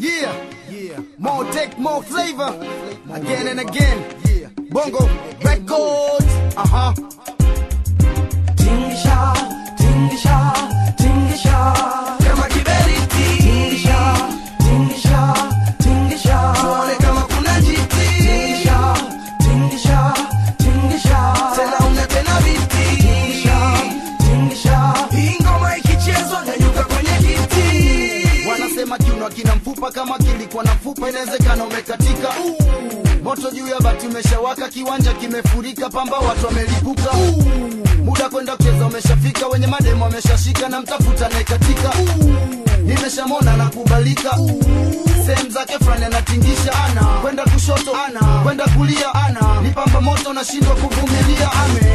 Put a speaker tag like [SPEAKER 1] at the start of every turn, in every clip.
[SPEAKER 1] Yeah, yeah. More dick, more flavor. Again and
[SPEAKER 2] again. Yeah. Bongo records. Uh huh.
[SPEAKER 1] mifupa kama kilikuwa na fupa, inawezekana umekatika. Moto juu ya bati umeshawaka, kiwanja kimefurika, pamba watu wamelipuka. Muda kwenda kucheza umeshafika, wenye mademo ameshashika na mtafuta anayekatika nimeshamona na kubalika. Sehemu zake fulani anatingisha, ana kwenda kushoto, ana kwenda kulia, ana ni pamba moto, nashindwa kuvumilia.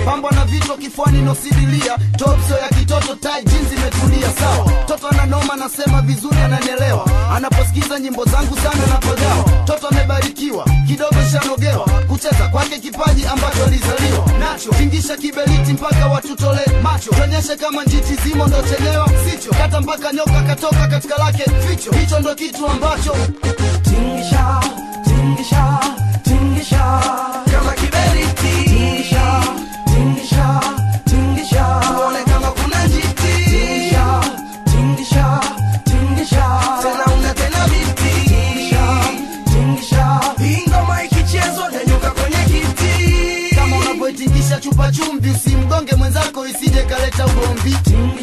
[SPEAKER 1] pambwa na vitu kifuani, nosidilia topso ya kitoto, tai jinsi imetulia sawa, toto ananoma, nasema vizuri, ananielewa anaposikiza nyimbo zangu sana na nakojawa. Toto amebarikiwa kidogo, shanogewa kucheza kwake kipaji ambacho alizaliwa nacho. Tingisha kiberiti mpaka watutole macho, tuonyeshe kama njiti zimo ndo chenyewa sicho, kata mpaka nyoka katoka katika lake
[SPEAKER 2] ficho, hicho ndo kitu ambacho tingisha
[SPEAKER 1] kumpa chumvi, usimgonge mwenzako isije kaleta ugomvi.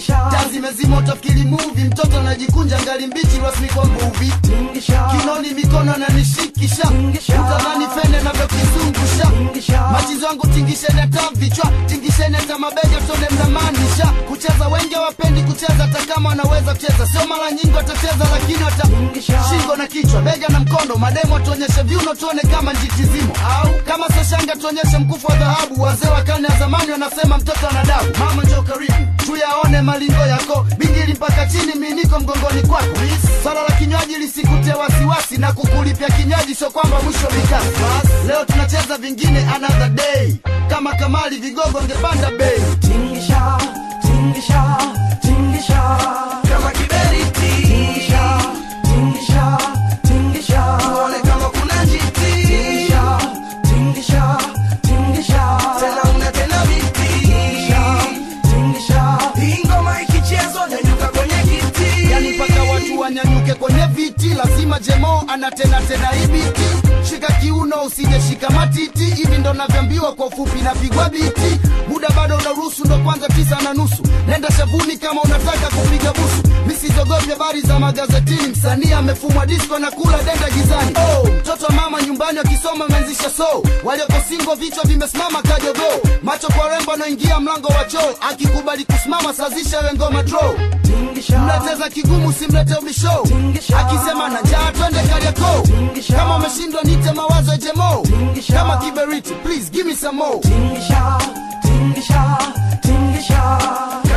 [SPEAKER 1] Taa zimezima utafikiri movie, mtoto anajikunja ngali mbichi, rasmi kwa mbuvi. Kinoni mikono ananishikisha, utamani fene navyokia Wachizi wangu tingishene ta vichwa, tingishene ta mabega, sonde mnamaanisha kucheza. Wengi wapendi kucheza, hata kama wanaweza cheza. Sio mara nyingi watacheza, lakini ata shingo na kichwa, bega na mkondo. Mademu atuonyeshe viuno, tuone kama njitizimo au kama sio tuonyeshe mkufu wa dhahabu. Wazee wa ya zamani wanasema mtoto ana damu. Mama njoo karibu tuyaone malingo yako, bingili mpaka chini, miniko mgongoni kwako. Swala la kinywaji lisikute wasiwasi na kukulipia kinywaji, sio kwamba mwisho bikasi. Leo Uingereza vingine another day, kama Kamali vigogo angepanda bei. Tingisha,
[SPEAKER 2] tingisha, tingisha kama Tingisha, tingisha, tingisha kama kuna Tingisha, tingisha, tingisha tena Tingisha, tingisha kwenye kiti, yani mpaka watu wanyanyuke
[SPEAKER 1] kwenye viti, lazima Jemo anatena tena ibiti Shika kiuno usijeshika matiti, hivi ndo navyambiwa kwa ufupi, pigwa biti. Muda bado unaruhusu, ndo kwanza tisa na nusu. Nenda shavuni kama unataka kupiga busu, misizogopi habari za magazetini. Msanii amefumwa disco na kula denda gizani. Oh, mtoto wa mama nyumbani akisoma menzisha so, waliokosingo vichwa vimesimama kajogo, macho kwa rembo anaingia mlango wa choo, akikubali kusimama sazisha wengoma draw za kigumu simlete umisho akisema na njaa twende kariako kama umeshindwa nite mawazo jemo
[SPEAKER 2] kama kiberiti please give me some more tingisha, tingisha, tingisha.